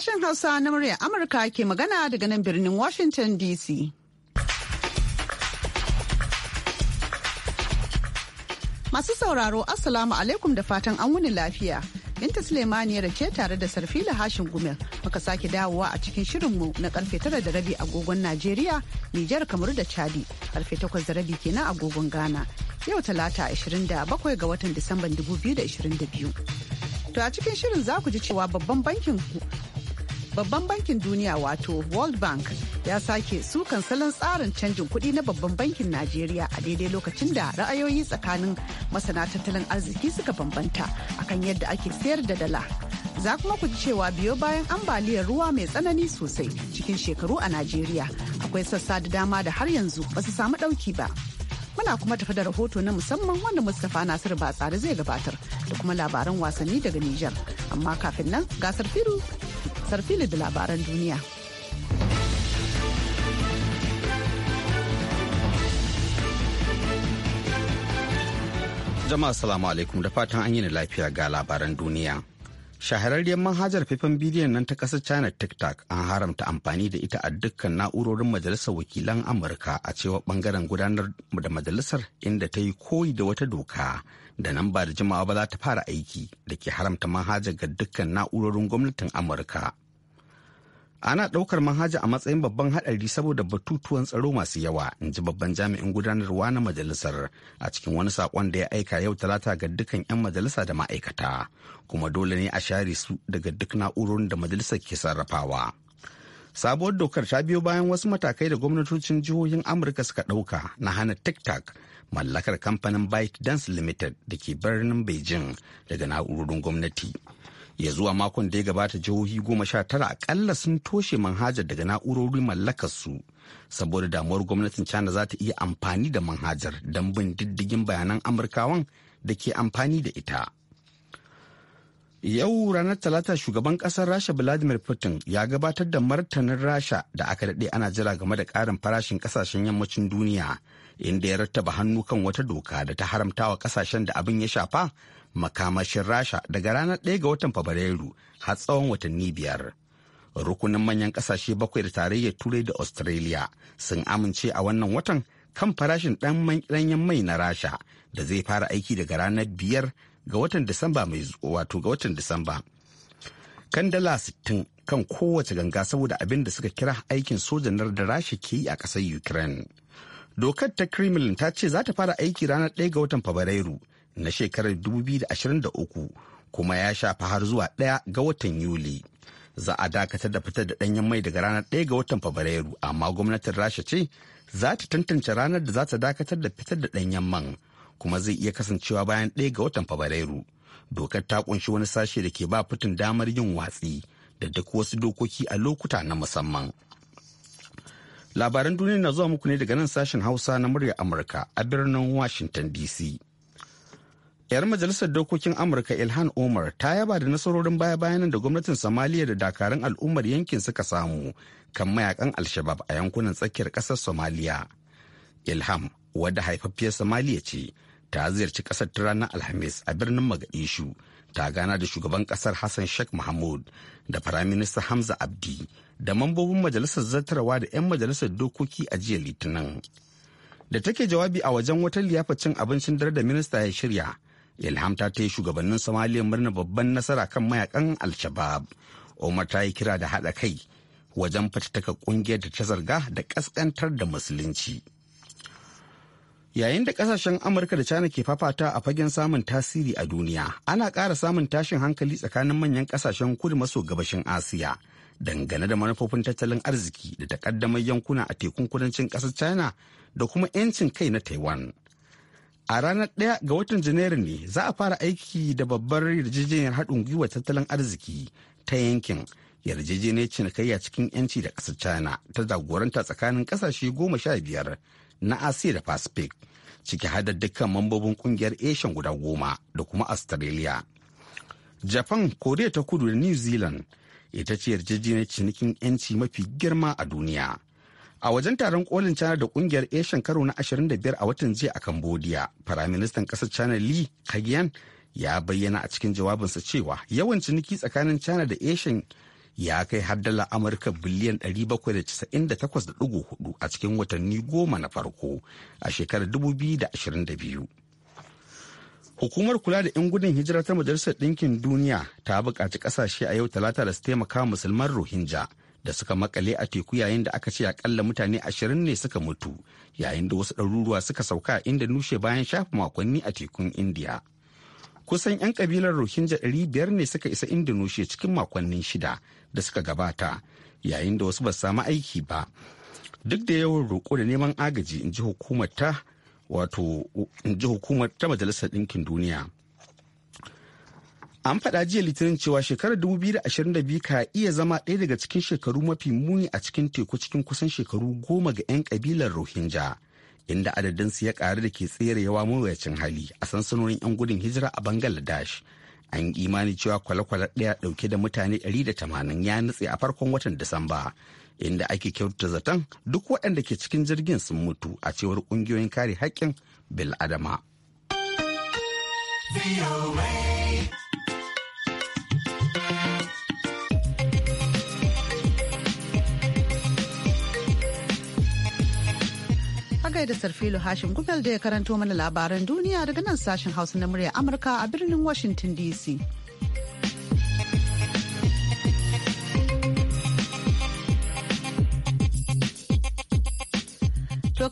Sashen Hausa na muryar Amurka ke magana daga nan birnin Washington DC. Masu sauraro Assalamu alaikum da fatan an wuni lafiya. Binta Suleimaniyar da ke tare da Sarfila Hashin Gumel muka sake dawowa a cikin shirinmu na karfe tara da rabi agogon Najeriya, Nijar Kamaru da Chadi, karfe takwas da rabi kenan agogon Ghana. Yau Talata 27 ga watan Disamban 2022. To a cikin shirin za ku ji cewa babban bankin babban bankin duniya wato world bank ya sake sukan salon tsarin canjin kuɗi na babban bankin najeriya a daidai lokacin da ra'ayoyi tsakanin masana tattalin arziki suka bambanta akan yadda ake sayar da dala za kuma ku ji cewa biyo bayan ambaliyar ruwa mai tsanani sosai cikin shekaru a najeriya akwai sassa da dama da har yanzu ba su samu ɗauki ba muna kuma tafi da rahoto na musamman wanda mustapha nasiru batsari zai gabatar da kuma labaran wasanni daga nijar amma kafin nan gasar firu gasar fili da labaran duniya. Jama'a salamu alaikum da fatan an yi lafiya ga labaran duniya. shahararriyar manhajar faifan bidiyon nan ta kasar china tiktok an haramta amfani da ita a dukkan na'urorin majalisar wakilan amurka a cewa bangaren gudanar da majalisar inda ta yi koyi da wata doka da nan ba da jimawa ba za ta fara aiki da ke haramta manhaja ga dukkan na'urorin gwamnatin amurka ana ɗaukar manhaja a matsayin babban haɗari saboda batutuwan tsaro masu yawa in ji babban jami'in gudanarwa na majalisar a cikin wani saƙon da ya aika yau talata ga dukkan 'yan majalisa da ma'aikata kuma dole ne a share su daga duk na'urorin da majalisar ke sarrafawa. sabuwar dokar ta biyo bayan wasu matakai da gwamnatocin jihohin amurka suka ɗauka na hana tiktok mallakar kamfanin ByteDance limited da ke birnin beijing daga na'urorin gwamnati ya zuwa makon da ya gabata jihohi goma sha tara akalla sun toshe manhajar daga na'urorin mallakar su saboda damuwar gwamnatin china za ta iya amfani da manhajar don bin diddigin bayanan amurkawan da ke amfani da ita Yau ranar Talata shugaban ƙasar Rasha Vladimir Putin ya gabatar da martanin Rasha da aka daɗe ana jira game da ƙarin farashin ƙasashen yammacin duniya inda ya rattaba hannu kan wata doka da ta haramtawa ƙasashen da abin ya shafa makamashin Rasha daga ranar 1 ga watan Fabrairu har tsawon watanni biyar. Rukunin manyan ƙasashe bakwai da tarayyar Turai da Australia sun amince a wannan watan kan farashin ɗanyen mai na Rasha da zai fara aiki daga ranar biyar ga watan Disamba mai wato ga watan Disamba. Kandala dala 60 kan kowace ganga saboda abin da suka kira aikin sojanar da Rasha ke yi a ƙasar Ukraine. Dokar ta Kremlin ta ce za ta fara aiki ranar ɗaya ga watan Fabrairu na shekarar 2023 kuma ya shafa har zuwa ɗaya ga watan Yuli. Za a dakatar da fitar da ɗanyen mai daga ranar ɗaya ga watan Fabrairu amma gwamnatin Rasha ce za ta tantance ranar da za ta dakatar da fitar da ɗanyen man. kuma zai iya kasancewa bayan ɗaya ga watan fabrairu dokar ta kunshi wani sashe da ke ba fitin damar yin watsi da duk wasu dokoki a lokuta na musamman labaran duniya na zuwa muku ne daga nan sashen hausa na murya amurka a birnin washington dc yar majalisar dokokin amurka ilhan omar ta yaba da nasarorin baya bayanan da gwamnatin somaliya da dakarun al'ummar yankin suka samu kan mayakan alshabab a yankunan tsakiyar kasar somaliya ilham wadda haifaffiyar somaliya ce ta ziyarci kasar ta ranar alhamis a birnin magadishu ta gana da shugaban kasar hassan sheikh mahmud da firaminista hamza abdi da mambobin majalisar zartarwa da 'yan majalisar dokoki a jiya litinin da take jawabi a wajen wata liyafa cin abincin dare da minista ya shirya ilham ta ta yi shugabannin somaliya murna babban nasara kan mayakan al-shabab omar ta yi kira da haɗa kai wajen fatattaka ƙungiyar da ta zarga da ƙasƙantar da musulunci. yayin da kasashen amurka da china ke fafata a fagen samun tasiri a duniya ana ƙara samun tashin hankali tsakanin manyan kasashen kudu maso gabashin asiya dangane da manufofin tattalin arziki da takaddamar yankuna a tekun kudancin ƙasar china da kuma 'yancin kai na taiwan a ranar ɗaya ga watan janairu ne za a fara aiki da babbar yarjejeniyar haɗin gwiwa tattalin arziki ta yankin yarjejeniyar cinikayya cikin 'yanci da ƙasar china ta jagoranta tsakanin ƙasashe goma sha biyar na asiya da pacific ciki hada dukkan mambobin kungiyar asian guda goma da kuma australia japan korea ta kudu da new zealand ita ce yarjejeniyar cinikin 'yanci mafi girma a duniya a wajen taron kolin china da kungiyar asian karo na 25 a watan jiya a cambodia firaministan kasar china li kagyan ya bayyana a cikin jawabinsa cewa yawan ciniki tsakanin china da asian ya kai har dala amurka biliyan 798.4 a cikin watanni goma na farko a shekarar 2022 hukumar kula da 'yan gudun hijira ta majalisar ɗinkin duniya ta buƙaci ƙasashe a yau talata da su taimaka musulman rohingya da suka makale a teku yayin da aka ce akalla mutane ashirin ne suka mutu yayin da wasu ɗaruruwa suka sauka inda nushe bayan shafa makonni a tekun indiya kusan 'yan kabilar rohingya 500 ne suka isa indonesia cikin makonnin shida da suka gabata yayin da wasu ba samu aiki ba duk da yawan roƙo da neman agaji in ji hukumar ta wato majalisar ɗinkin duniya an faɗa jiya litinin cewa shekarar 2022 ka iya zama ɗaya daga cikin shekaru mafi muni a cikin teku cikin kusan shekaru goma ga 'yan kabilar rohingya inda adadinsu ya karu da ke tserewa mawuyacin hali a sansanonin 'yan gudun hijira a bangladesh an yi imani cewa kwale-kwale ɗaya ɗauke da mutane 180 ya nutse a farkon watan disamba inda ake kyautata zaton duk waɗanda ke cikin jirgin sun mutu a cewar ƙungiyoyin kare haƙƙin bil'adama. kai da Sarfilo Hashim kufel da ya karanto mana labaran duniya daga nan sashen Hausa na murya Amurka a birnin Washington DC.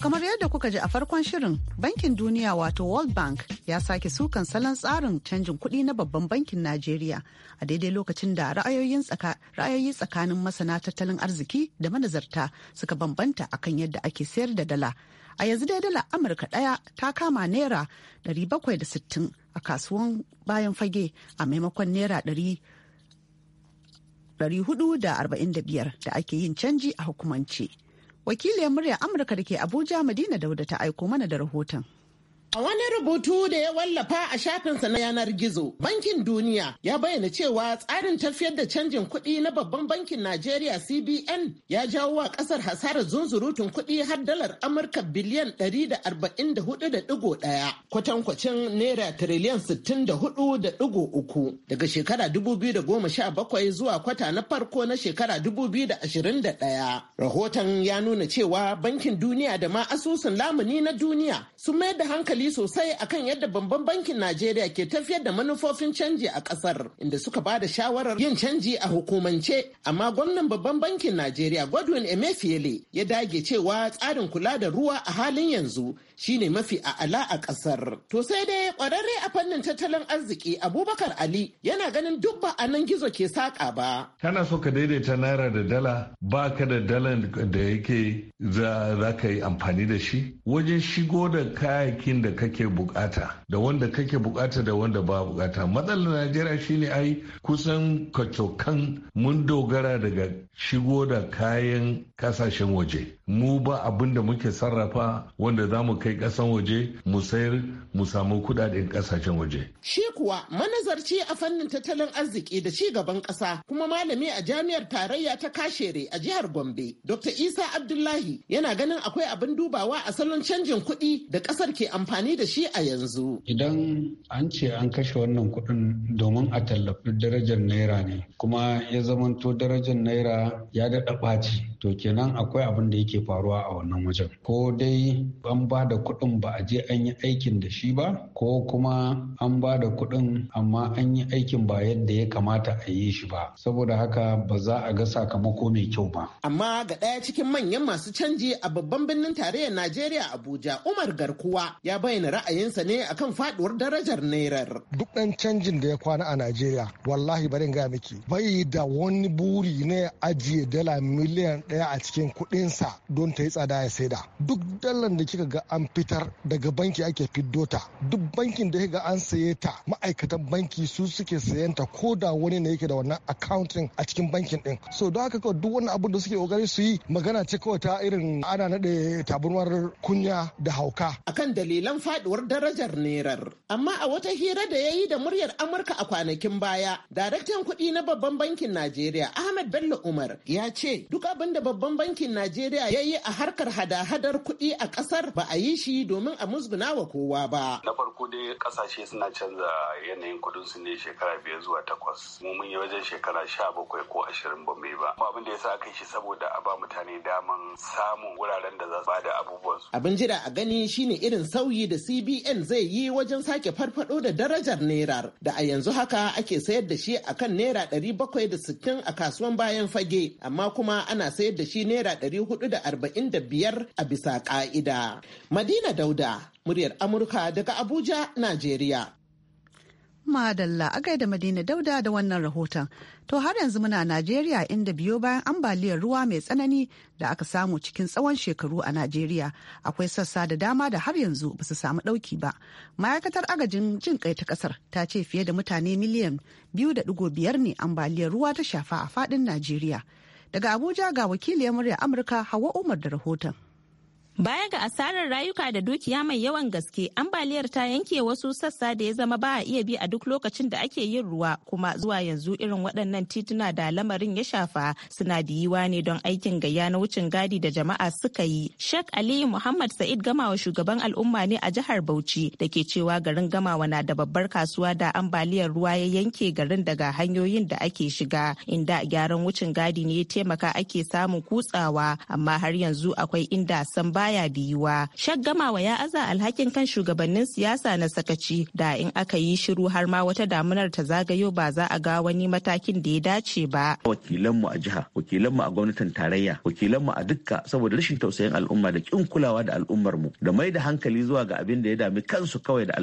kamar yadda kuka ji a farkon shirin bankin duniya wato world bank ya sake sukan salon tsarin canjin kuɗi na babban bankin najeriya a daidai lokacin da ra'ayoyi tsakanin masana tattalin arziki da manazarta suka bambanta akan yadda ake sayar da dala a yanzu dai dala amurka ɗaya ta kama naira 760 a kasuwan bayan fage a maimakon naira 445 da ake yin canji a hukumance. wakiliyar murya amurka da ke abuja madina dauda ta aiko mana da rahoton A wani rubutu da ya wallafa a shafinsa na yanar gizo, Bankin Duniya ya bayyana cewa tsarin tafiyar da canjin kuɗi na babban bankin Najeriya CBN ya jawo wa ƙasar hasarar zunzurutun kuɗi har dalar Amurka biliyan 144.1 kwatankwacin naira tiriliyan 64.3 daga shekara 2017 zuwa kwata na farko na shekara 2021. Rahoton ya nuna cewa Bankin Duniya da ma asusun lamuni na duniya sun mayar da hankali hankali sosai akan yadda babban bankin Najeriya ke tafiyar da manufofin canji a kasar inda suka ba da shawarar yin canji a hukumance amma gwamnan babban bankin Najeriya Godwin Emefiele ya dage cewa tsarin kula da ruwa a halin yanzu shine mafi a'ala a kasar. To sai dai kwararre a fannin tattalin arziki Abubakar Ali yana ganin duk ba a nan gizo ke saƙa ba. Kana so ka daidaita naira da dala ba ka da dalan da yake za ka yi amfani da shi wajen shigo da kayakin da kake bukata da wanda kake bukata da wanda ba bukata matsalar Najeriya shine ai kusan kacokan mun dogara daga shigo da kayan kasashen waje mu ba abin da muke sarrafa wanda za mu kai kai kasan waje mu sayar mu samu kudaden kasashen waje. Shi kuwa manazarci a fannin tattalin arziki da ci gaban kasa kuma malami a jami'ar tarayya ta kashere a jihar Gombe. Dr. Isa Abdullahi yana ganin akwai abin dubawa a salon canjin kuɗi da kasar ke amfani da shi a yanzu. Idan an ce an kashe wannan kuɗin domin a tallafi darajar naira ne kuma ya zamanto darajar naira ya daɗa ɓaci to kenan akwai abin da yake faruwa a wannan wajen ko dai an ba da kuɗin ba a je an yi aikin da shi ba ko kuma an ba da kuɗin amma an yi aikin ba yadda ya kamata a yi shi ba saboda haka ba za a ga sakamako mai kyau ba amma ga ɗaya cikin manyan masu canji a babban birnin tarayyar najeriya abuja umar garkuwa ya bayyana ra'ayinsa ne akan faduwar darajar nairar duk ɗan canjin da ya kwana a najeriya wallahi in gaya miki bai da wani buri ne ajiye dala miliyan daya a cikin kuɗinsa don ta yi tsada ya sai da duk dalar da kika ga an fitar daga banki ake fiddo ta duk bankin da kika ga an saye ta ma'aikatan banki su suke sayen ta ko da wani ne yake da wannan accounting a cikin bankin din so don haka kawai duk wani abun da suke kokari su yi magana ce kawai ta irin ana naɗe tabarmar kunya da hauka akan dalilan faduwar darajar nerar amma a wata hira da ya yi da muryar amurka a kwanakin baya daraktan kuɗi na babban bankin najeriya ahmed bello umar ya ce duk abin da da babban bankin Najeriya ya yi a harkar hada-hadar kuɗi a ƙasar ba a yi shi domin a musguna wa kowa ba. Na farko dai ƙasashe suna canza yanayin kuɗin su ne shekara biyar zuwa takwas. Mu mun yi wajen shekara sha bakwai ko ashirin ba mai ba. Abin da ya sa aka yi shi saboda a ba mutane daman samun wuraren da za su bada abubuwan su. Abin jira a gani shine irin sauyi da CBN zai yi wajen sake farfaɗo da darajar naira, da a yanzu haka ake sayar da shi akan naira ɗari bakwai da sittin a kasuwan bayan fage amma kuma ana sayar sayar da shi naira ɗari hudu da arba'in da biyar a bisa ƙa'ida. Madina Dauda, muryar Amurka daga Abuja, Najeriya. Madalla a gaida Madina Dauda da wannan rahoton. To har yanzu muna Najeriya inda biyo bayan ambaliyar ruwa mai tsanani da aka samu cikin tsawon shekaru a Najeriya akwai sassa da dama da har yanzu ba su samu ɗauki ba. Ma'aikatar agajin jin kai ta kasar ta ce fiye da mutane miliyan biyu da biyar ne ambaliyar ruwa ta shafa a faɗin Najeriya. Daga Abuja ga wakiliyar murya Amurka Hawa Umar da rahoton. Baya ga asarar rayuka da dukiya mai yawan gaske, ambaliyar ta yanke wasu sassa da ya zama ba a iya bi a duk lokacin da ake yin ruwa kuma zuwa yanzu irin waɗannan tituna da lamarin ya shafa suna da ne don aikin gayya na wucin gadi da jama'a suka yi. Sheikh Aliyu Muhammad Sa'id Gamawa shugaban al'umma ne a jihar Bauchi da ke cewa garin Gamawa na da babbar kasuwa da ambaliyar ruwa ya yanke garin daga hanyoyin da ake shiga inda gyaran wucin gadi ne ya taimaka ake samun kutsawa amma har yanzu akwai inda san ba baya biyuwa shaggama wa ya aza alhakin kan shugabannin siyasa na sakaci da in aka yi shiru har ma wata damunar ta zagayo ba za a ga wani matakin da ya dace ba wakilanmu a jiha wakilanmu a gwamnatin tarayya wakilanmu a dukka saboda rashin tausayin al'umma da kin kulawa da al'ummar mu da mai da hankali zuwa ga abin da ya dami kansu kawai da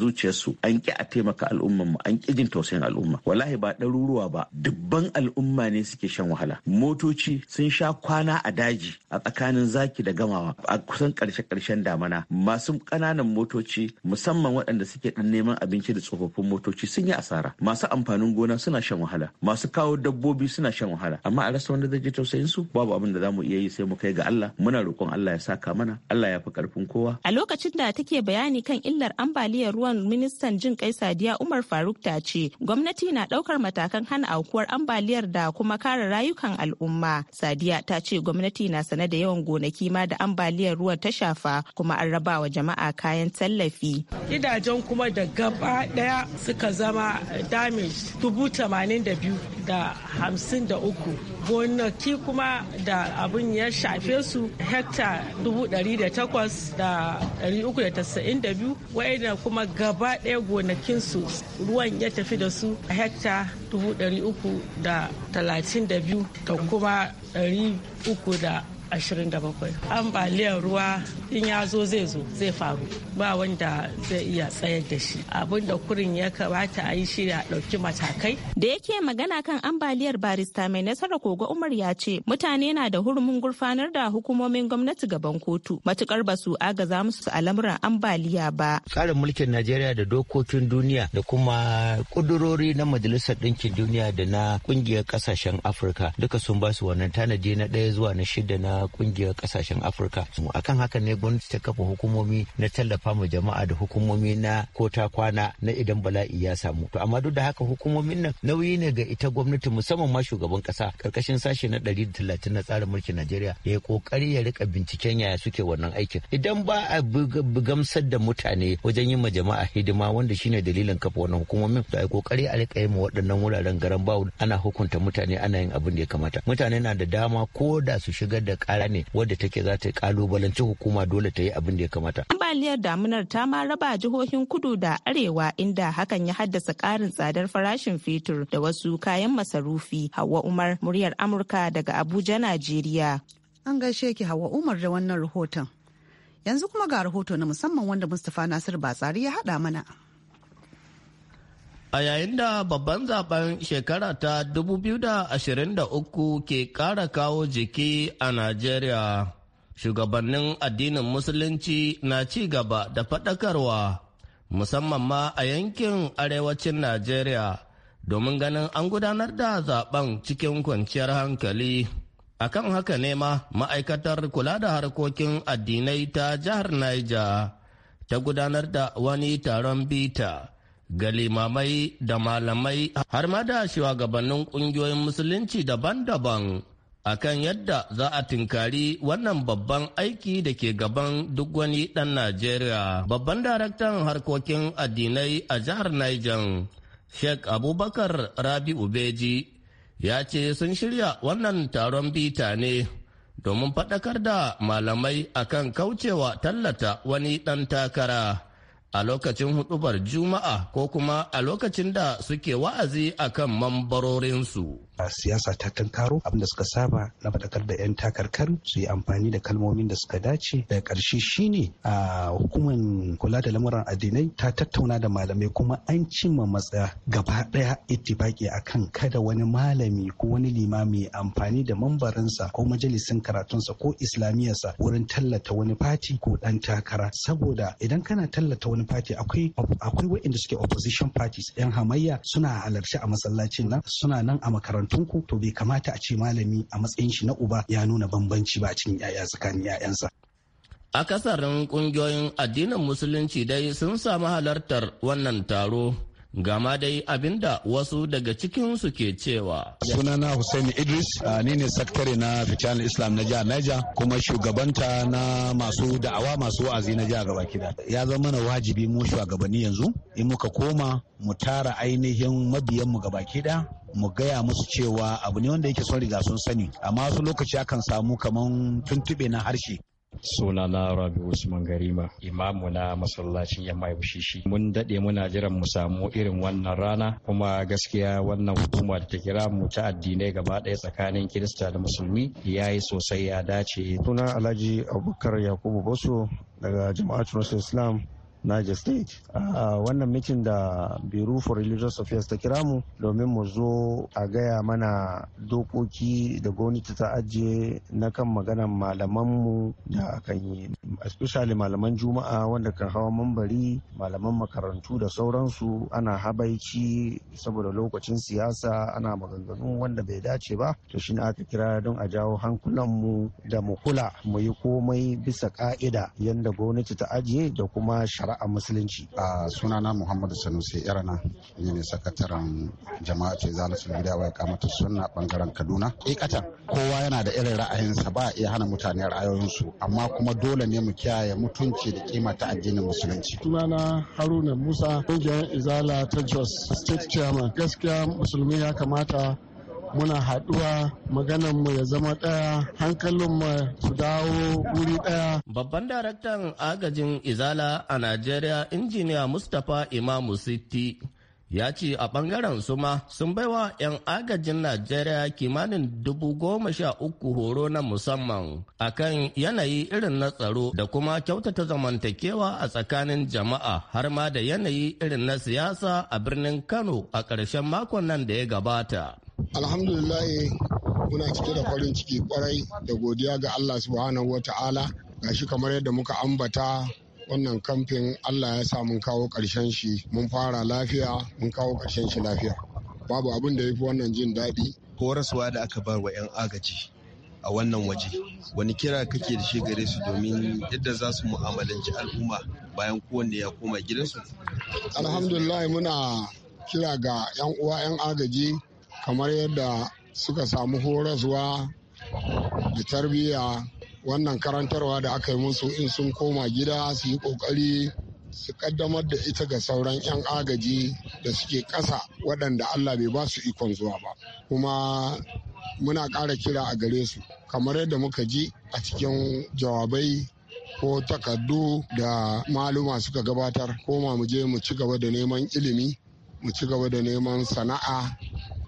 zuciyarsu an ki a taimaka al'ummar mu an ki jin tausayin al'umma wallahi ba ɗaruruwa ba dubban al'umma ne suke shan wahala motoci sun sha kwana a daji a tsakanin zaki da gamawa a kusan karshe-karshen damana masu ƙananan motoci musamman waɗanda suke ɗan neman abinci da tsofaffin motoci sun yi asara masu amfanin gona suna shan wahala masu kawo dabbobi suna shan wahala amma a rasa wanda zai tausayin su babu abin da zamu iya yi sai mu kai ga Allah muna roƙon Allah ya saka mana Allah ya fi karfin kowa a lokacin da take bayani kan illar ambaliyar ruwan ministan jin kai Sadiya Umar Faruk ta ce gwamnati na ɗaukar matakan hana aukuwar ambaliyar da kuma kare rayukan al'umma Sadiya ta ce gwamnati na sane da yawan gonaki ma da ambaliyar ruwa ta shafa kuma an raba wa jama'a kayan tallafi. Gidajen kuma da gaba daya suka zama damage dubu tamanin da biyu da hamsin da uku. Gonaki kuma da abin ya shafe su hekta dubu dari da takwas da dari uku da tasa'in da biyu wa'ina kuma gaba daya gonakinsu ruwan ya tafi da su a hekta dubu dari uku da talatin da biyu da kuma dari uku da 27 ambaliyar ruwa in ya zo zai zo zai faru ba wanda zai iya tsayar da shi abinda kurin ya kamata a yi shi a ɗauki matakai da yake magana kan ambaliyar barista mai nasara kogo umar ya ce mutane na da hurumin gurfanar da hukumomin gwamnati gaban kotu matukar ba su agaza musu al'amuran ambaliya ba tsarin mulkin najeriya da dokokin duniya da kuma kudurori na majalisar ɗinkin duniya da na kungiyar ƙasashen afirka duka sun ba su wannan tanadi na ɗaya zuwa na shida na kungiyar kasashen afirka akan haka ne gwamnati ta kafa hukumomi na tallafa ma jama'a da hukumomi na ko ta kwana na idan bala'i ya samu to amma duk da haka hukumomin nan nauyi ne ga ita gwamnati musamman ma shugaban kasa karkashin sashe na 130 na tsarin mulkin najeriya ya yi kokari ya rika binciken yaya suke wannan aikin idan ba a gamsar da mutane wajen yin ma jama'a hidima wanda shine dalilin kafa wannan hukumomin to a yi kokari a rika ma waɗannan wuraren garan bawu ana hukunta mutane ana yin abin da ya kamata mutane na da dama ko da su shigar da kara ne wadda take za ta kalubalanci hukuma dole ta yi abin da ya kamata. Ambaliyar damunar ta ma raba jihohin kudu da arewa inda hakan ya haddasa karin tsadar farashin fetur da wasu kayan masarufi. Hawa Umar muryar Amurka daga Abuja, Najeriya. An gaishe ki Hawa Umar da wannan rahoton. Yanzu kuma ga rahoto na musamman wanda Mustapha Nasir Batsari ya haɗa mana. A yayin da babban zaben shekara ta 2023 ke ƙara kawo jiki a Najeriya, shugabannin addinin Musulunci na ci gaba da faɗakarwa, musamman ma a yankin arewacin Najeriya, domin ganin an gudanar da zaben cikin kwanciyar hankali. Akan haka ne ma ma'aikatar kula da harkokin addinai ta jihar Niger ta gudanar da wani taron bita. ga limamai da malamai har ma da shugabannin ƙungiyoyin musulunci daban-daban a kan yadda za a tinkari wannan babban aiki da ke gaban duk wani ɗan Najeriya. Babban daraktan harkokin addinai a jihar Niger, Sheikh Abubakar Rabi Ubeji, ya ce sun shirya wannan taron bita ne domin faɗakar da malamai akan kaucewa tallata wani ɗan takara. a lokacin hudubar juma'a ko kuma a lokacin da suke wa'azi akan mambarorinsu a siyasa ta tunkaro abinda suka saba na faɗakar da 'yan takarkar su yi amfani da kalmomin da suka dace Da karshe shine a hukumar kula da lamuran addinai ta tattauna da malamai kuma an cimma matsaya gaba ɗaya ittifaki akan kada wani malami ko wani limami amfani da mambarinsa ko majalisin karatunsa ko islamiyarsa wurin tallata wani fati ko dan takara saboda idan kana tallata wani fati akwai akwai wa'inda suke opposition parties 'yan hamayya suna halarci a masallacin nan suna nan a makarantu makarantunku to bai kamata a ce malami a matsayin shi na uba ya nuna bambanci ba a cikin 'ya'ya tsakanin 'ya'yansa. Akasarin kungiyoyin addinin Musulunci dai sun samu halartar wannan taro Gama dai abinda wasu daga cikin su ke cewa. Sunana Hussaini Idris, ni ne sakatare na fitanin Islam na jihar naija kuma shugabanta na masu da'awa masu wa'azi na jihar gaba kida. Ya zama na wajibi mu shugabanni yanzu, in muka koma mu tara ainihin mabiyanmu gaba kida, mu gaya musu cewa abu ne wanda yake son riga sun sani amma wasu lokaci akan samu kaman tuntube na harshe Suna na rabi usman garima imamu na masallacin yamma bushishi mun dade muna jiran mu samu irin wannan rana kuma gaskiya wannan hukuma da ta kira mu ta addinai gaba ɗaya tsakanin kirista da musulmi ya yi sosai ya dace suna alhaji abubakar yakubu boso daga jama'atul islam Niger State. A wannan mitin da Bureau for Religious Affairs ta kira mu domin mu zo a gaya mana dokoki da gwamnati ta ajiye na kan maganan malamanmu da kan yi. Especially malaman Juma'a wanda kan hawa mambari, malaman makarantu da sauransu ana habaici saboda lokacin siyasa ana maganganu wanda bai dace ba. To shi aka kira don a jawo hankulanmu da mu kula mu yi komai bisa ka'ida yadda gwamnati ta ajiye da kuma shari'a A musulunci a sunana muhammadu sanusi irana ne ne sakataren jama'a ce za gida wa ya kamata sunna bangaren kaduna ikatan kowa yana da irin ra'ayinsa ba iya hana mutane ra'ayoyinsu amma kuma dole ne mu kiyaye mutunci da kima ta addinin musulunci sunana haruna musa kungiyar izala ta jos state chairman gaskiya musulmi ya kamata muna haɗuwa mu ya zama ɗaya hankalinmu su dawo wuri ɗaya. Babban daraktan agajin Izala a Najeriya injiniya Mustapha Imamu Siti, ya ce a ɓangaren su ma sun baiwa 'yan agajin Najeriya kimanin dubu goma sha uku horo na musamman akan yanayi irin na tsaro da kuma kyautata zamantakewa a tsakanin jama'a har ma da yanayi irin na siyasa a birnin Kano a ƙarshen makon nan da ya gabata. alhamdulillah muna cike da farin ciki kwarai da godiya ga allah subhanahu wa ta'ala shi kamar yadda muka ambata wannan kamfin allah ya sa mun kawo ƙarshen shi mun fara lafiya mun kawo ƙarshen shi lafiya babu abin da ya fi wannan jin daɗi horaswa da aka bar wa 'yan agaji a wannan waje wani kira kake da shi gare su domin yadda za su mu'amalanci al'umma bayan kowanne ya koma gidansu alhamdulillah muna kira ga 'yan uwa 'yan agaji kamar yadda suka samu horaswa da tarbiyya wannan karantarwa da aka yi musu in sun koma gida su yi kokari su kaddamar da ita ga sauran 'yan agaji da suke ƙasa waɗanda allah bai ba su ikon zuwa ba kuma muna ƙara kira a gare su kamar yadda muka ji a cikin jawabai ko takardu da maluma suka gabatar koma mu je mu ci gaba da neman ilimi mu ci gaba da neman sana'a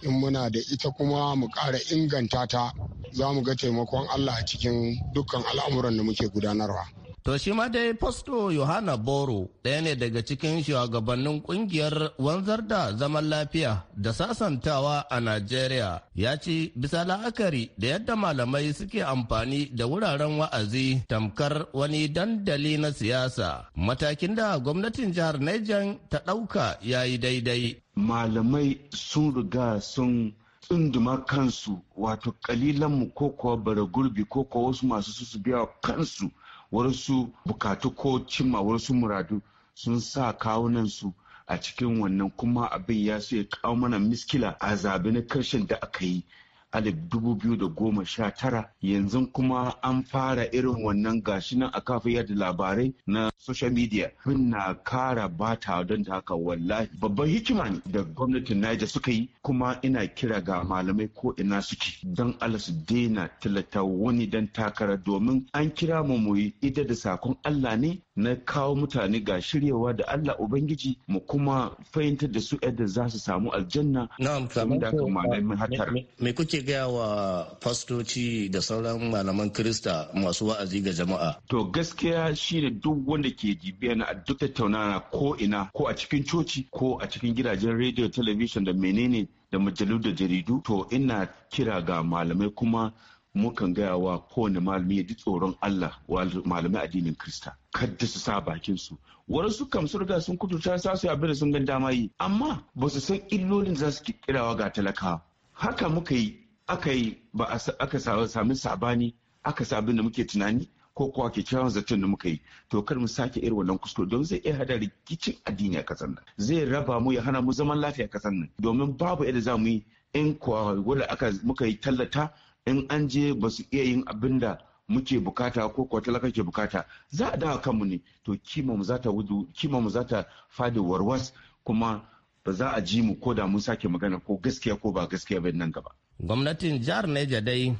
in muna da ita kuma mu ƙara inganta ta za mu ga taimakon Allah a cikin dukkan al'amuran da muke gudanarwa. To shi ma dai Fasto Yohana Boro ɗaya ne daga cikin shugabannin ƙungiyar wanzar da zaman lafiya da sasantawa a Najeriya ya ce bisa la'akari da yadda malamai suke amfani da wuraren wa'azi tamkar wani dandali na siyasa. Matakin da gwamnatin jihar Niger ta ɗauka ya yi daidai. Malamai sun riga sun tsunduma kansu wato kalilan mu ko kuwa bara gurbi ko wasu masu su biya kansu wasu bukatu ko cimma wasu muradu sun sa kawunan su a cikin wannan kuma abin ya su ya kawo mana miskila a zabi na karshen da aka yi alif dubu biyu da goma sha tara yanzu kuma an fara irin wannan gashi nan a kafin yadda labarai na social media bin na kara bata don ta haka wallahi babban hikima ne da gwamnatin Niger suka yi kuma ina kira ga malamai ko ina suke don Allah su daina tilata wani dan takara domin an kira mu mu yi ida da sakon Allah ne na kawo mutane ga shiryawa da Allah Ubangiji mu kuma fahimtar da su yadda za su samu aljanna. Na'am, kamar da kuma malamai hatar. Me kuke kake gaya wa fastoci da sauran malaman Kirista masu wa'azi ga jama'a? To gaskiya shi ne duk wanda ke jibiya na duk tattaunawa ko ina ko a cikin coci ko a cikin gidajen rediyo talabijin da menene da majalu da jaridu to ina kira ga malamai kuma mukan gaya wa kowane malami ya ji tsoron Allah wa malamai addinin Krista kadda su sa bakin su wurin su kam sun riga sun kututa sa su abin da sun gan dama yi amma ba su san illolin za su kirawa ga talakawa haka muka yi aka yi ba aka sami sabani aka sabin da muke tunani ko kuwa cewa zaton da muka yi to kar mu sake irin wannan kuskure don zai iya hada rikicin addini a kasar nan zai raba mu ya hana mu zaman lafiya a kasar nan domin babu yadda za mu yi in kuwa wanda aka muka yi tallata in an je ba su iya yin abin da muke bukata ko kuwa talaka ke bukata za a dawo kanmu ne to kima mu za ta wudu kima mu za fadi warwas kuma ba za a ji mu ko da mun sake magana ko gaskiya ko ba gaskiya ba nan gaba Gwamnatin jihar Neja dai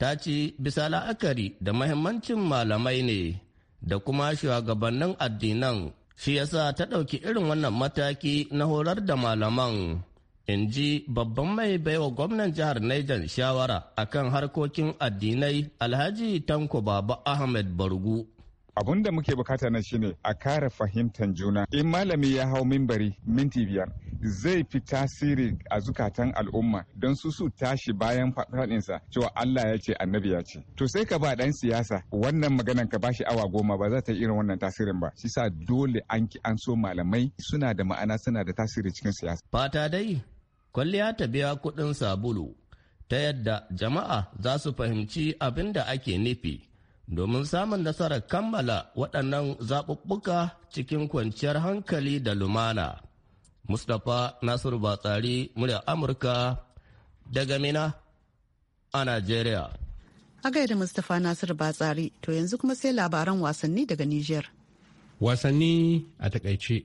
ta ci bisa la'akari da mahimmancin malamai ne da kuma shugabannin addinan shi yasa ta ɗauki irin wannan mataki na horar da malaman. in ji babban mai baiwa gwamnan jihar Niger shawara akan harkokin addinai Alhaji Tanko Baba Ahmed Bargu abun da muke bukata na shine a kara fahimtar juna in malami ya hau mimbari minti biyar zai fi tasiri a zukatan al'umma don su su tashi bayan faɗinsa cewa Allah ya ce annabi ya ce to sai ka ba dan siyasa wannan maganan ka bashi awa goma ba za ta irin wannan tasirin ba shi sa dole an ki an so malamai suna da ma'ana suna da tasiri cikin siyasa fata dai kwalliya ta biya kuɗin sabulu ta yadda jama'a za su fahimci abin da ake nufi domin samun nasarar kammala waɗannan zaɓuɓɓuka cikin kwanciyar hankali da lumana. Mustapha Nasiru Batsari murya Amurka daga Mina a Najeriya. A gaida Mustapha Nasiru Batsari to yanzu kuma sai labaran wasanni daga Nijar. Wasanni a takaice.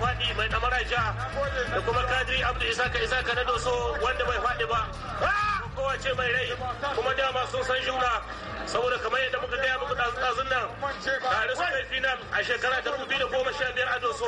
faɗi mai ɗamara ja da kuma kadiri abdu isaka isaka na doso wanda bai faɗi ba. kowa ce mai rai kuma dama sun san juna saboda kamar yadda muka gaya muku ɗazun nan tare su kai final a shekara ta dubu da goma sha biyar a doso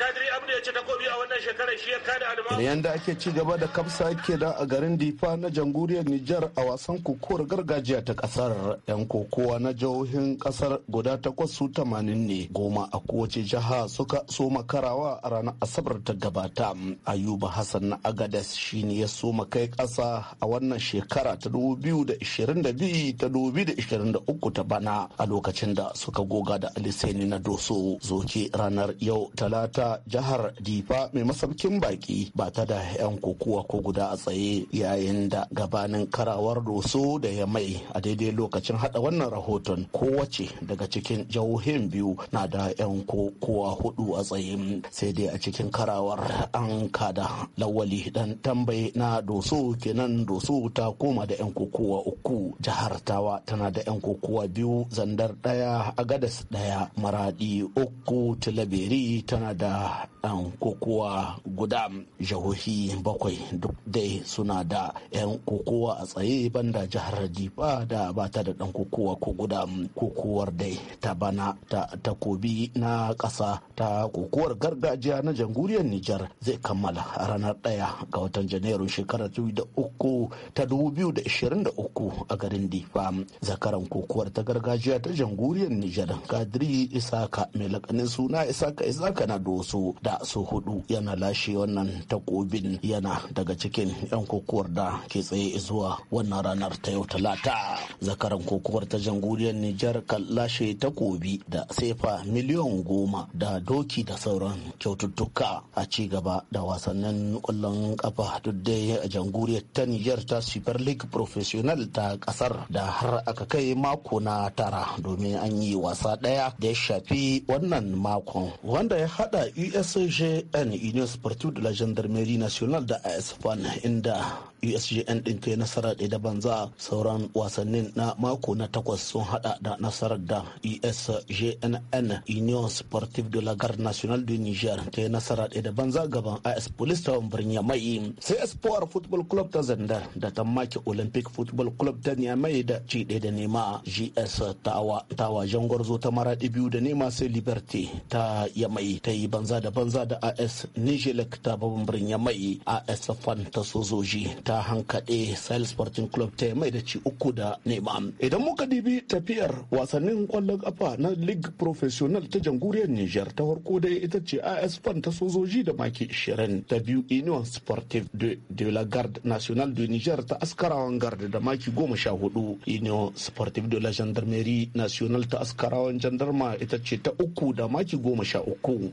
kadiri abu ya ce takobi a wannan shekarar shi ya kada alma yayin da ake ci gaba da kafsa da a garin difa na janguriyar nijar a wasan kokowar gargajiya ta kasar yan kokowa na jihohin kasar guda takwas su tamanin ne goma a kowace jiha suka so makarawa a ranar asabar ta gabata ayuba hassan na agadas shine ya so kai ƙasa a wannan shekara ta 2022 ta 2023 ta bana a lokacin da suka goga da alisaini na doso zoke ranar yau talata jihar difa mai masaukin baki ba ta da 'yan kokuwa ko guda a tsaye yayin da gabanin karawar doso da ya mai a daidai lokacin hada wannan rahoton kowace daga cikin jihohin biyu na da 'yan kokowa hudu a tsaye sai dai a cikin karawar an kada lawali dan tambaye na doso kenan doso ta koma da 'yan kokowa uku jihar tawa tana da 'yan kokowa biyu zandar daya agadas daya maradi uku tilaberi tana da 'yan kokowa guda jihohi bakwai duk dai suna da 'yan kokowa a tsaye banda jihar difa da ba ta da dan kokowa ko guda kokowar dai ta bana ta takobi na ƙasa ta kokowar gargajiya na jamhuriyar nijar zai kammala ranar daya ga watan janairun shi shekarar 2003 ta 2023 a garin difa zakaran kokowar ta gargajiya ta jamhuriyar nijar kadiri isaka mai lakanin suna isaka isaka na doso da su hudu yana lashe wannan takobin yana daga cikin yan kokowar da ke tsaye zuwa wannan ranar ta yau talata zakaran kokowar ta jamhuriyar nijar kan lashe takobi da sefa miliyan goma da doki da sauran kyaututtuka a ci gaba da wasannin kwallon kafa duk dai a jamhuriyar ta Nijar ta Super League Professional ta kasar da har aka kai mako na tara domin an yi wasa daya da ya shafi wannan makon wanda ya hada USGN Union Sportive de la Gendarmerie Nationale da AS inda usgn e ɗin kai nasara ɗaya da banza sauran wasannin na mako na takwas sun hada da nasarar da usgnn e union sportive de la garde nationale de niger ta yi nasara ɗaya da banza gaban is police ta birnin mai sai espoir football club ta zandar da ta make olympic football club ta niamey da ci ɗaya da nema gs ta wajen gwarzo ta maraɗi biyu da nema sai liberty ta yamai ta yi banza da banza da as nigelec ta babban birnin yamai as fan ta sojoji ta hankaɗe sales Sporting Club ta mai da ci uku da nema. Idan muka dibi tafiyar wasannin kwallon kafa na League Professional ta janguriyar Niger ta farko da ita ce AS Fan ta sojoji da maki 20 ta biyu Union Sportive de, de la Garde National de Niger ta askarawan Garde da maki 14 Union Sportive de la Gendarmerie National ta askarawan Gendarma ita ce ta uku da maki 13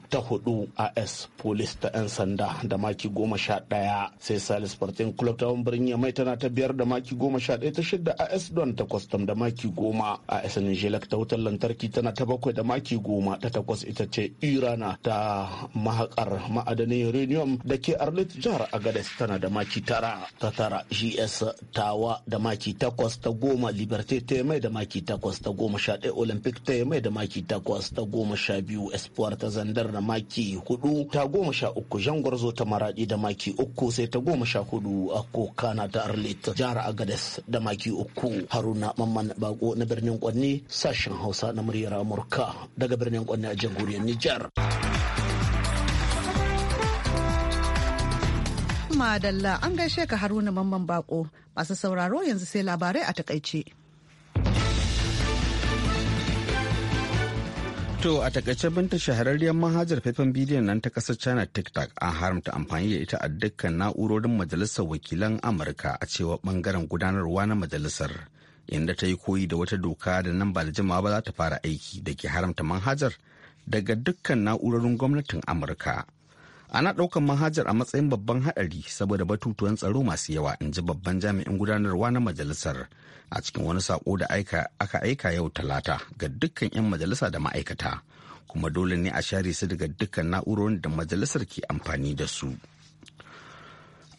ta hudu AS Police ta 'yan sanda da maki 11 sai sales Sporting Club tawon birnin mai tana ta biyar da maki goma sha ɗaya ta shida a esdon ta kwastam da maki goma a esanin jelak ta wutar lantarki tana ta bakwai da maki goma ta takwas ita ce irana ta mahakar ma'adanin uranium da ke arlit jihar agades tana da maki tara ta tara gs tawa da maki takwas ta goma liberté ta mai da maki takwas ta goma sha ɗaya olympic ta mai da maki takwas ta goma sha biyu espoir ta zandar da maki hudu ta goma sha uku jangwarzo ta maradi da maki uku sai ta goma sha hudu bako kana ta arlit jihar agades da maki uku haruna mamman bako na birnin kwanni sashen hausa na muryar amurka daga birnin kwanni a jamhuriyar nijar madalla an gaishe ka haruna mamman bako masu sauraro yanzu sai labarai a takaice To a takaice binta shahararriyar manhajar faifan bidiyon nan ta kasar China TikTok an haramta amfani da ita a dukkan na'urorin majalisar wakilan Amurka a cewa bangaren gudanarwa na majalisar inda ta yi koyi da wata doka da nan ba da jimawa ba za ta fara aiki da ke haramta manhajar daga dukkan na'urorin gwamnatin Amurka. Ana ɗaukar manhajar a matsayin babban haɗari saboda batutuwan tsaro masu yawa in ji babban jami'in gudanarwa na majalisar a cikin wani sako da aka aika yau talata ga dukkan 'yan majalisa da ma'aikata kuma dole ne a share su daga dukkan na'urorin da majalisar ke amfani da su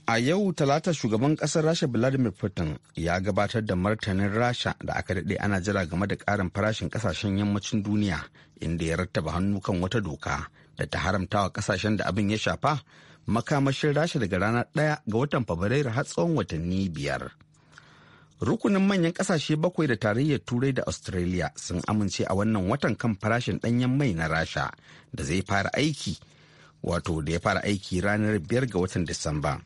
a yau talata shugaban kasar rasha vladimir putin ya gabatar da martanin rasha da aka daɗe ana jira game da ƙarin farashin kasashen yammacin duniya inda ya rattaba hannu kan wata doka da ta haramtawa wa ƙasashen da abin ya shafa makamashin rasha daga ranar ɗaya ga watan fabrairu har tsawon watanni biyar rukunin manyan kasashe bakwai da tarayyar turai da australia sun amince a wannan watan kan farashin danyen mai na rasha da zai fara aiki wato da ya fara aiki ranar biyar ga watan disamba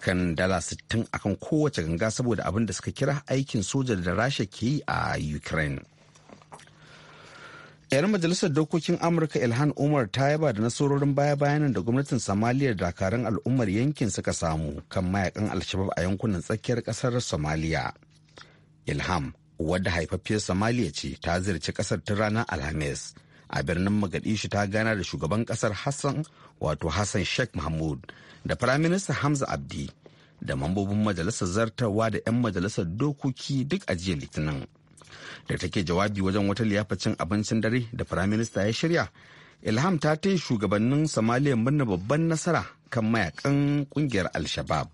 kan dala 60 akan kowace ganga saboda abin da suka kira aikin soja da rasha ke yi a ukraine 'yar majalisar dokokin amurka ilhan umar ta yaba da nasarorin baya-bayanan da gwamnatin somaliya da dakarun al'ummar yankin suka samu kan mayakan alshabab a yankunan tsakiyar kasar somaliya ilham wadda haifaffiyar somaliya ce ta ziyarci kasar ta ranar alhamis a birnin magadishu ta gana da shugaban kasar hassan wato hassan sheikh mahmud da firaminista hamza abdi da mambobin majalisar zartarwa da 'yan majalisar dokoki duk a jiya litinin da take jawabi wajen wata liyafa cin abincin dare da firaminista ya shirya ilham ta ta shugabannin samaliya murna babban nasara kan mayakan kungiyar al-shabab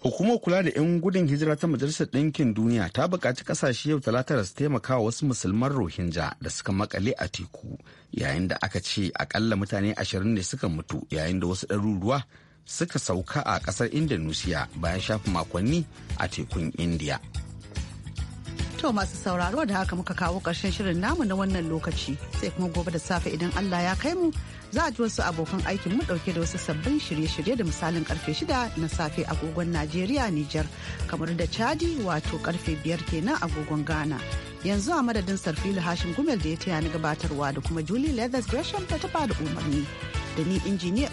hukumar kula da 'yan gudun hijira ta majalisar ɗinkin duniya ta buƙaci ƙasashe yau talata su taimaka wa wasu musulman rohingya da suka makale a teku yayin da aka ce akalla mutane ashirin ne suka mutu yayin da wasu ɗaruruwa suka sauka a ƙasar indonesia bayan shafi makonni a tekun indiya To masu sauraro da haka muka kawo ƙarshen shirin namu na wannan lokaci sai kuma gobe da safe idan Allah ya kai mu za a ji wasu abokan aikin mu ɗauke da wasu sabbin shirye-shirye da misalin karfe shida na safe agogon Najeriya Nijar kamar da Chadi wato karfe biyar kenan agogon Ghana. Yanzu a madadin Sarfilu Hashim Gumel da ya taya ni gabatarwa da kuma Julie Leathers Gresham ta tafa da umarni da ni injiniya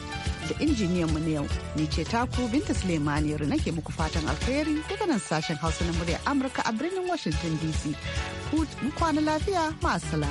da injiniyan mu yau ni ce taku binta suleimani nake muku fatan alheri daga nan sashen hausa na murya amurka a birnin washington dc kwana lafiya ma'asala